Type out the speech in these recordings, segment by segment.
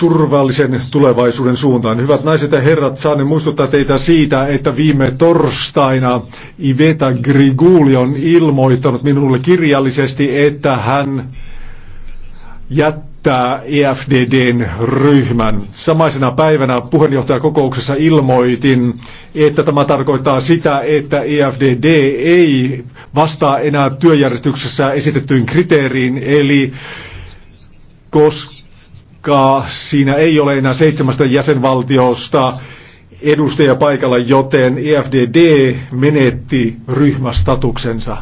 turvallisen tulevaisuuden suuntaan. Hyvät naiset ja herrat, saan muistuttaa teitä siitä, että viime torstaina Iveta Griguli on ilmoittanut minulle kirjallisesti, että hän jättää EFDDn ryhmän. Samaisena päivänä puheenjohtajakokouksessa ilmoitin, että tämä tarkoittaa sitä, että EFDD ei vastaa enää työjärjestyksessä esitettyyn kriteeriin, eli koska vaikka siinä ei ole enää seitsemästä jäsenvaltiosta edustaja paikalla, joten EFDD menetti ryhmästatuksensa.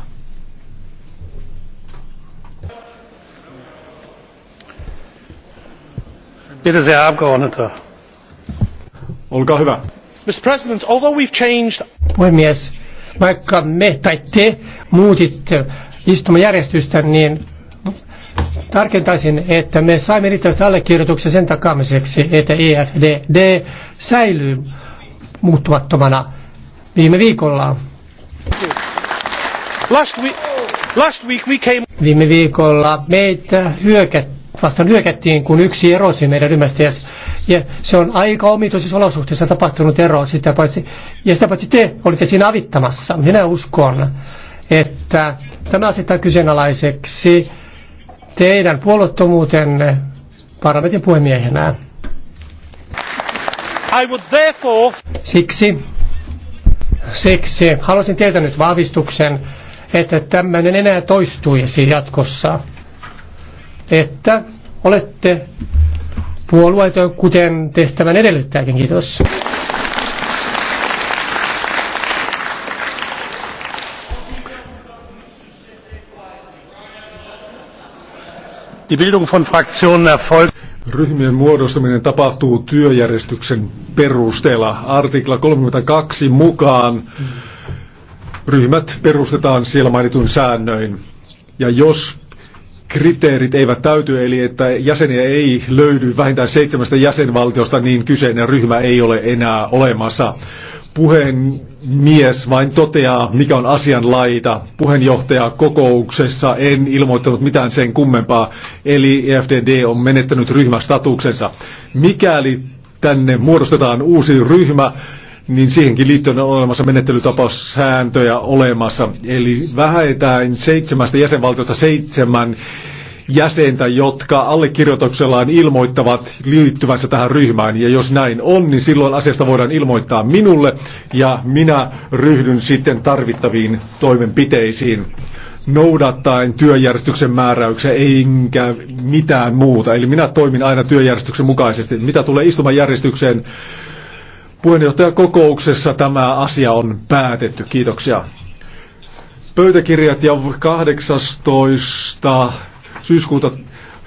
Olkaa hyvä. Mr. President, although we've changed... Puhemies, vaikka me tai te muutitte istumajärjestystä, niin Tarkentaisin, että me saimme riittävästi allekirjoituksia sen takaamiseksi, että EFDD säilyy muuttumattomana viime viikolla. Last week, last week we came... Viime viikolla meitä hyökät vastaan hyökättiin, kun yksi erosi meidän ryhmästä. Ja, ja se on aika omituisissa olosuhteissa tapahtunut ero. Sitä paitsi, ja sitä paitsi te olitte siinä avittamassa. Minä uskon, että tämä asettaa kyseenalaiseksi teidän puolottomuutenne parlamentin puhemiehenä. I would therefore... Siksi, siksi haluaisin teiltä nyt vahvistuksen, että tämmöinen enää toistuisi jatkossa. Että olette puolueet, kuten tehtävän edellyttääkin. Kiitos. Die Bildung von Fraktionen erfolgt. Ryhmien muodostuminen tapahtuu työjärjestyksen perusteella. Artikla 32 mukaan ryhmät perustetaan siellä mainitun säännöin. Ja jos kriteerit eivät täyty, eli että jäseniä ei löydy vähintään seitsemästä jäsenvaltiosta, niin kyseinen ryhmä ei ole enää olemassa puhemies vain toteaa, mikä on asian laita. Puheenjohtaja kokouksessa en ilmoittanut mitään sen kummempaa, eli EFDD on menettänyt ryhmästatuksensa. Mikäli tänne muodostetaan uusi ryhmä, niin siihenkin liittyen on olemassa menettelytapaussääntöjä olemassa. Eli vähätään seitsemästä jäsenvaltiosta seitsemän jäsentä, jotka allekirjoituksellaan ilmoittavat liittyvänsä tähän ryhmään. Ja jos näin on, niin silloin asiasta voidaan ilmoittaa minulle ja minä ryhdyn sitten tarvittaviin toimenpiteisiin noudattaen työjärjestyksen määräyksiä eikä mitään muuta. Eli minä toimin aina työjärjestyksen mukaisesti. Mitä tulee istumajärjestykseen, puheenjohtajakokouksessa tämä asia on päätetty. Kiitoksia. Pöytäkirjat ja 18 syyskuuta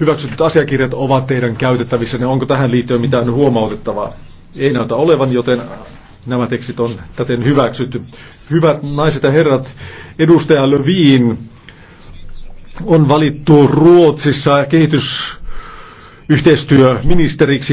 hyväksytyt asiakirjat ovat teidän käytettävissä. Ne niin onko tähän liittyen mitään huomautettavaa? Ei näytä olevan, joten nämä tekstit on täten hyväksytty. Hyvät naiset ja herrat, edustaja Löviin on valittu Ruotsissa kehitysyhteistyöministeriksi.